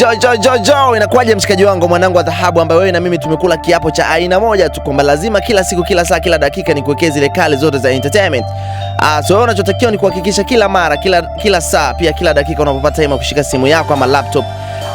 Jo, jo, jo, jo, inakuwaje mshikaji wangu, mwanangu wa dhahabu, ambaye wewe na mimi tumekula kiapo cha aina moja tu kwamba lazima kila siku, kila saa, kila dakika nikuwekee zile kale zote za entertainment. Ah, So wewe unachotakiwa ni kuhakikisha kila mara, kila, kila saa pia kila dakika unapopata time kushika simu yako ama laptop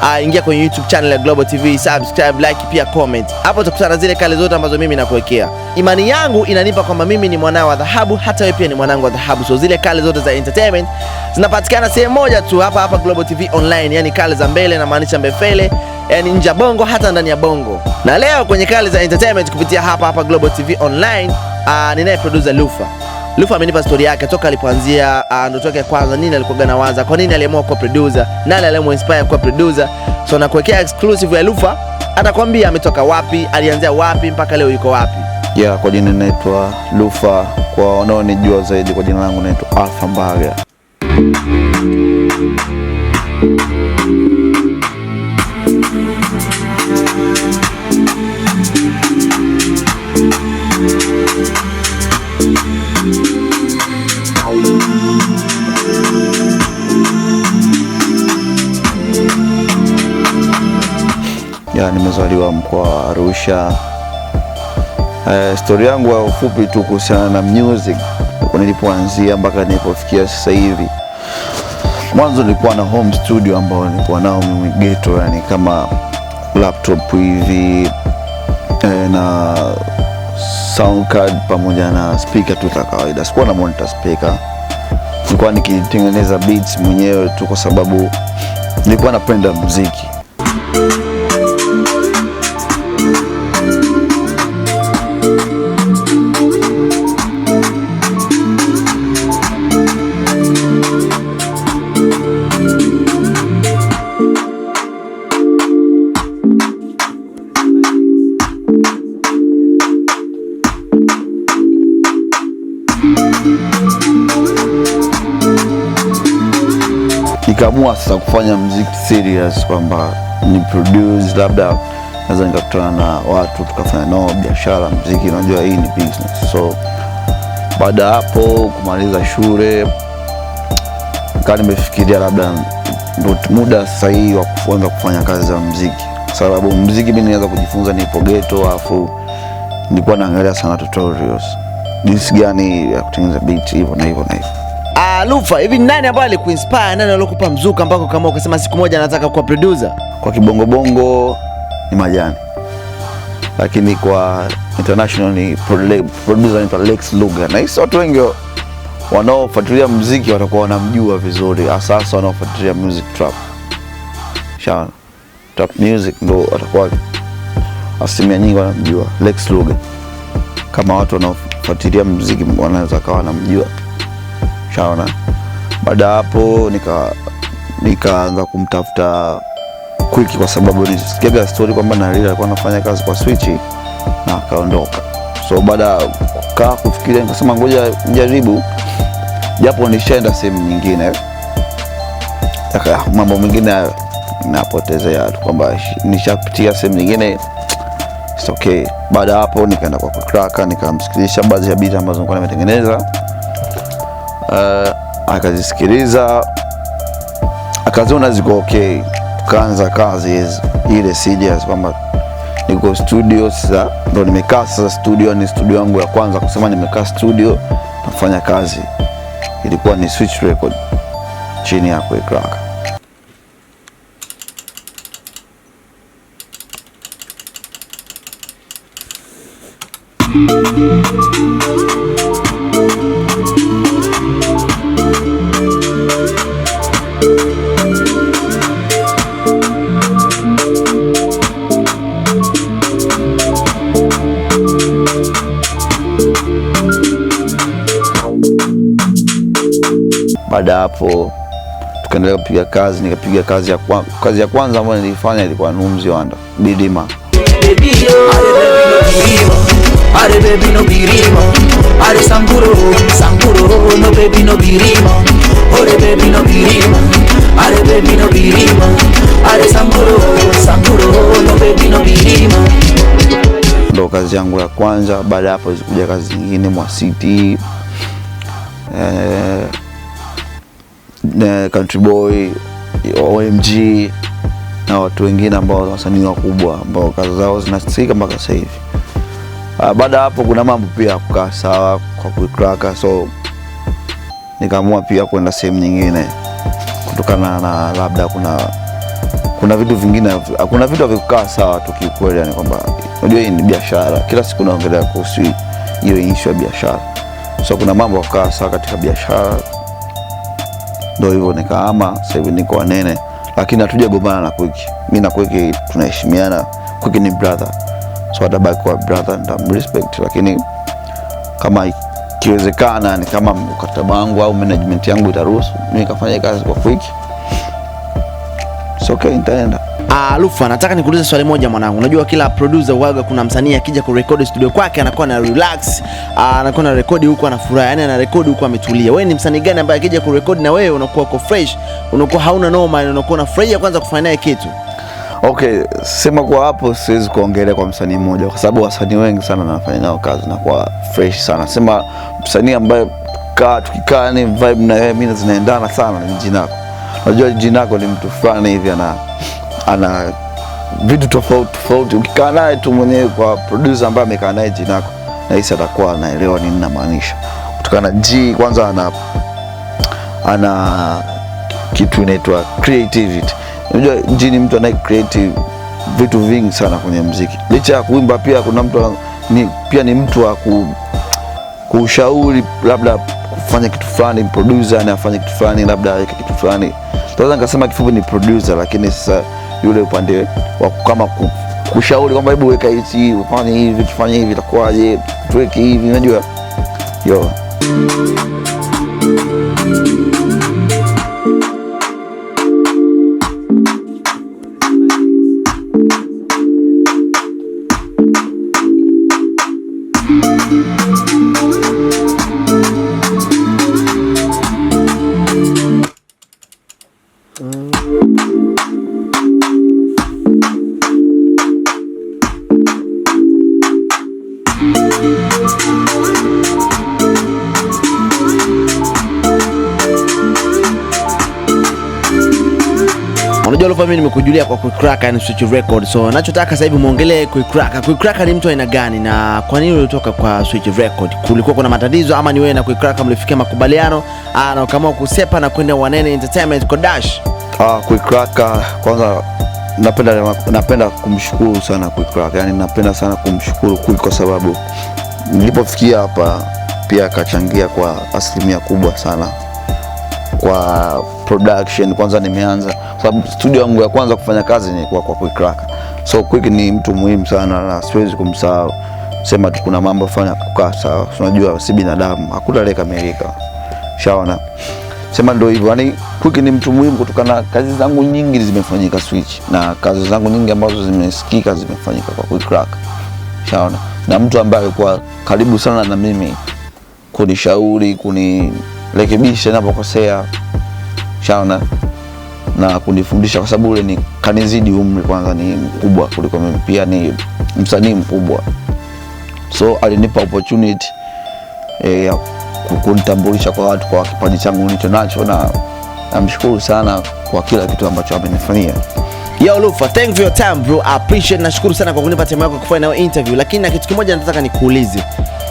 Uh, ingia kwenye YouTube channel ya Global TV, subscribe, like pia comment. Hapo utakutana zile kale zote ambazo mimi nakuwekea. Imani yangu inanipa kwamba mimi ni mwanao wa dhahabu, hata wewe pia ni mwanangu wa dhahabu. So zile kale zote za entertainment zinapatikana sehemu moja tu hapa hapa Global TV online, yani kale za mbele na maanisha mbefele, yani nje ya bongo hata ndani ya bongo. Na leo kwenye kale za entertainment kupitia hapa hapa Global TV online, uh, ninaye producer Lufa. Lufa amenipa story yake toka alipoanzia ah, ndoto yake kwanza, nini alikuwa waza kwa nini aliamua kuwa producer, nani alimuinspire kuwa producer. So nakuwekea exclusive ya Lufa, atakwambia ametoka wapi, alianzia wapi mpaka leo yuko wapi. Yeah, kwa jina naitwa Lufa, kwa wanaonijua zaidi kwa jina langu naitwa Alpha Mbaga. nilizaliwa mkoa wa Arusha. Uh, eh, stori yangu ya ufupi tu kuhusiana na music nilipoanzia mpaka nilipofikia sasa hivi. Mwanzo nilikuwa na home studio ambao nilikuwa nao mimi ghetto, yani kama laptop hivi eh, na sound card pamoja na speaker tu za kawaida. Sikuwa na monitor speaker, nilikuwa nikitengeneza beats mwenyewe tu kwa sababu nilikuwa napenda muziki. nikaamua sasa kufanya mziki serious kwamba ni produce, labda naweza nikakutana na watu tukafanya nao biashara. Mziki unajua hii ni business. So baada ya hapo kumaliza shule, kaa nimefikiria labda ndo muda sahihi wa kuanza kufanya kazi za mziki, sababu mziki mimi nilianza kujifunza nipo ghetto, alafu nilikuwa naangalia sana tutorials jinsi gani ya kutengeneza beat hivyo na hivyo na hivyo Ah, Lufa, hivi nani ambaye alikuinspire, nani alokupa mzuka ambako kama ukasema siku moja nataka kuwa producer? Kwa kibongobongo ni Majani, lakini kwa international ni producer anaitwa Lex Luger, na hisi watu wengi wanaofuatilia muziki watakuwa wanamjua vizuri, hasa hasa wanaofuatilia music trap. Shaana trap music ndo watakuwa asilimia nyingi wanamjua Lex Luger, kama watu wanaofuatilia muziki wanaweza kawa wanamjua shaona. Baada ya hapo nika nikaanza kumtafuta Quick kwa sababu nilisikiaga story kwamba Naillah alikuwa anafanya kazi kwa Switch na akaondoka. So baada ya kukaa kufikiria, nikasema ngoja nijaribu, japo nishaenda sehemu nyingine, mambo mengine napotezea tu kwamba nishapitia sehemu nyingine it's okay. Baada hapo nikaenda kwa Kraka nikamsikilisha baadhi ya beat ambazo nilikuwa nimetengeneza uh, akazisikiliza akaziona ziko okay, tukaanza kazi ile serious kwamba niko studio sasa, ndo nimekaa sasa studio. Ni studio yangu ya kwanza kusema nimekaa studio nafanya kazi, ilikuwa ni Switch Record chini ya Kwik Rocka. Baada hapo tukaendelea kupiga kazi, nikapiga kazi ya kwa, kazi ya kwanza ambayo nilifanya ilikuwa Numzi Wanda Bidima. Ndo kazi yangu ya kwanza. Baada ya hapo zikuja kazi nyingine mwa city eh, Country Boy, OMG na watu wengine ambao wasanii wakubwa ambao kazi zao zinasikika mpaka sasa hivi. Ah, baada ya hapo kuna mambo pia kukaa sawa kwa kuikraka, so nikaamua pia kwenda sehemu nyingine kutokana na labda kuna kuna vitu vingine, kuna vitu havikukaa sawa tu kiukweli, yani kwamba unajua hii ni biashara, kila siku naongelea kuhusu hiyo issue ya biashara, so kuna mambo kukaa sawa katika biashara ndio hivyo, nikaama. Sasa hivi niko Wanene, lakini hatujagombana na Kwiki. mi na Kwiki tunaheshimiana, Kwiki ni brother, so atabaki kuwa brother, nitamrespect. Lakini kama ikiwezekana, ni kama mkataba wangu au management yangu itaruhusu, mi nikafanya kazi kwa Kwiki, so okay, nitaenda Ah, Lufa, nataka nikuulize swali moja mwanangu. Unajua kila producer huaga kuna msanii akija kurekodi studio kwake anakuwa na relax, ah, anakuwa na rekodi huko anafurahi, yani ana rekodi huko ametulia. Wewe ni msanii gani ambaye akija kurekodi na wewe unakuwa uko fresh, unakuwa hauna noma, unakuwa unafurahia kwanza kufanya naye kitu? Okay, sema kwa hapo siwezi kuongelea kwa msanii mmoja kwa sababu wasanii wengi sana nafanya nao kazi na kwa fresh sana. Sema msanii ambaye kaa tukikaa ni vibe na yeye mimi zinaendana sana ni Jinako. Unajua Jinako ni mtu fulani hivi ana ana vitu tofauti tofauti. Ukikaa naye tu mwenyewe kwa producer ambaye amekaa naye jina lako, nahisi atakuwa anaelewa nini namaanisha, kutokana G kwanza ana ana kitu inaitwa creativity. Unajua G ni mtu anaye creative vitu vingi sana kwenye mziki, licha ya kuimba pia kuna mtu ni, pia ni mtu wa ku, kushauri labda kufanya kitu fulani, producer anafanya kitu fulani, labda aweke kitu fulani. Sasa nikasema kifupi ni producer, lakini sasa yule upande wa kama kushauri kwamba hebu weka hichi, ufanye hivi, tufanye hivi, itakuwaje, tuweke hivi, unajua yo Unajua Lova, mimi nimekujulia kwa Quick Cracker and Switch Records. So ninachotaka sasa hivi muongelee Quick Cracker. Quick Cracker ni mtu aina gani na kwa nini ulitoka kwa Switch Records? Kulikuwa kuna matatizo ama ni wewe na Quick Cracker mlifikia makubaliano ah na ukaamua kusepa na kwenda Wanene Entertainment kwa Dash? Ah, Quick Cracker ah, kwanza napenda napenda kumshukuru sana Quick Cracker. Yaani napenda sana kumshukuru Quick kwa sababu nilipofikia hapa pia akachangia kwa asilimia kubwa sana kwa production kwanza nimeanza, kwa sababu studio yangu ya kwanza kufanya kazi ni kwa kwa Quick Cracker. So Quick ni mtu muhimu sana na siwezi kumsahau. Sema tu kuna mambo fanya kukaa sawa, unajua si binadamu, hakuna leka milika, shaona sema ndio hivyo. Yani Quick ni mtu muhimu kutokana na kazi zangu nyingi zimefanyika Switch na kazi zangu nyingi ambazo zimesikika zimefanyika kwa Quick Cracker, shaona na mtu ambaye alikuwa karibu sana na mimi kunishauri kunirekebisha ninapokosea shaona na kunifundisha kwa sababu ule ni kanizidi umri, kwanza ni mkubwa kuliko mimi, pia ni msanii mkubwa, so alinipa opportunity eh, ya kunitambulisha kwa watu kwa kipaji changu nilicho nacho, na namshukuru sana kwa kila kitu ambacho amenifanyia. Yo Lufa, thank for your time bro. I appreciate. Nashukuru sana kwa kunipa time yako kufanya nayo interview, lakini na kitu kimoja nataka nikuulize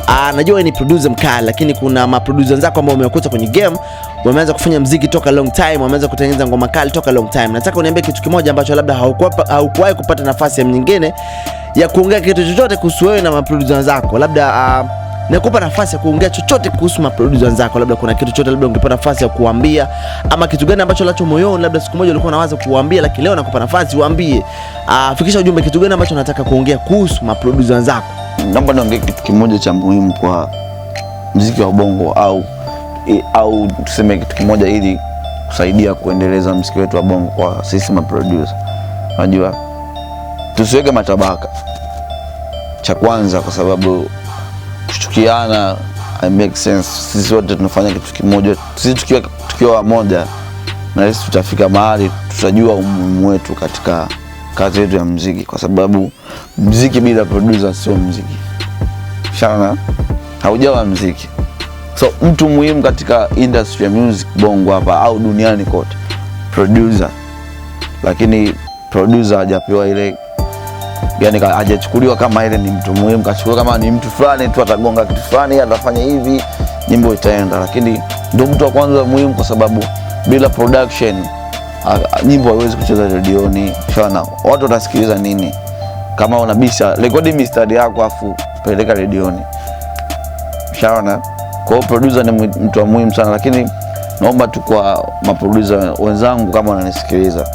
Uh, najua wewe ni producer mkali lakini kuna maproducer wenzako ambao umekuta kwenye game wameanza kufanya mziki toka long time, wameanza kutengeneza ngoma kali toka long time. Nataka uniambie kitu kimoja ambacho labda haukuwahi kupata nafasi ya nyingine ya kuongea kitu chochote kuhusu wewe na maproducer wenzako. Labda uh, ah, nakupa nafasi ya kuongea chochote kuhusu maproducer wenzako, labda kuna kitu chochote labda ungepata nafasi ya kuambia, ama kitu gani ambacho lacho moyoni, labda siku moja ulikuwa unawaza kuambia, lakini leo nakupa nafasi uambie. Uh, fikisha ujumbe, kitu gani ambacho nataka kuongea kuhusu maproducer wenzako. Naomba niongee kitu kimoja cha muhimu kwa mziki wa bongo au i, au tuseme kitu kimoja ili kusaidia kuendeleza mziki wetu wa bongo kwa sisi maproducer. Unajua tusiweke matabaka, cha kwanza, kwa sababu kuchukiana I make sense. Sisi wote tunafanya kitu kimoja, sisi tukiwa tukiwa moja, na sisi tutafika mahali tutajua umuhimu wetu katika kazi yetu ya mziki, kwa sababu mziki bila producer sio mziki. Shana haujawa mziki. So mtu muhimu katika industry ya music bongo hapa au duniani kote producer, lakini producer hajapewa ile yani, hajachukuliwa kama ile ni mtu muhimu, kachukuliwa kama ni mtu fulani tu, atagonga kitu fulani, atafanya hivi, nyimbo itaenda, lakini ndio mtu wa kwanza muhimu, kwa sababu bila production nyimbo haiwezi kucheza redioni. Shaona watu watasikiliza nini? Kama unabisha rekodi mistari yako afu peleka redioni. Shaona. Kwa hiyo producer ni mtu wa muhimu sana, lakini naomba tu kwa maproducer wenzangu, kama wananisikiliza,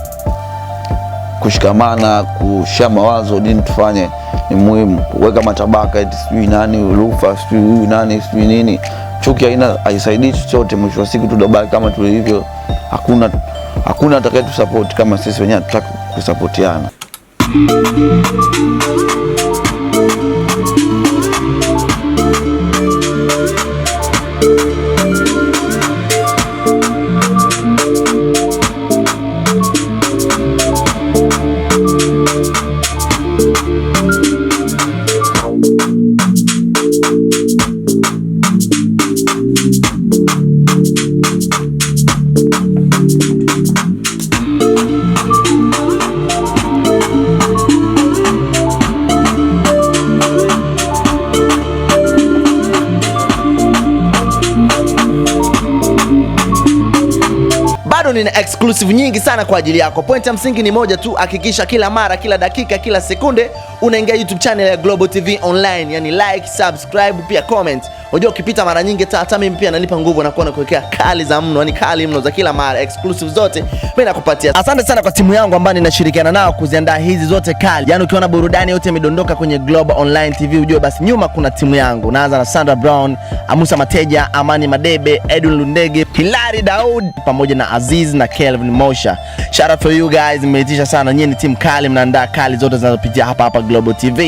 kushikamana, kushia mawazo, nini tufanye ni muhimu. Kuweka matabaka eti sijui nani rufa sijui huyu nani sijui nini, chuki haina haisaidii chochote. Mwisho wa siku tutabaki kama tulivyo, hakuna hakuna atakayetusapoti kama sisi wenyewe tutaka kusapotiana. nina exclusive nyingi sana kwa ajili yako. Point ya msingi ni moja tu, hakikisha kila mara, kila dakika, kila sekunde unaingia YouTube channel ya Global TV Online, yani like, subscribe, pia comment. Unajua ukipita mara nyingi hata mimi pia nanipa nguvu na kuona kuwekea kali za mno, yani kali mno za kila mara exclusive zote mimi nakupatia. Asante sana kwa timu yangu ambayo ninashirikiana nao kuziandaa hizi zote kali. Yani ukiona burudani yote imedondoka kwenye Global Online TV ujue basi nyuma kuna timu yangu. Naanza na Sandra Brown, Amusa Mateja, Amani Madebe, Edwin Lundege, Hilari Daud pamoja na Aziz na Kelvin Mosha. Shout out for you guys, mmeitisha sana. Nyinyi ni timu kali, mnaandaa kali zote zinazopitia hapa hapa Global TV.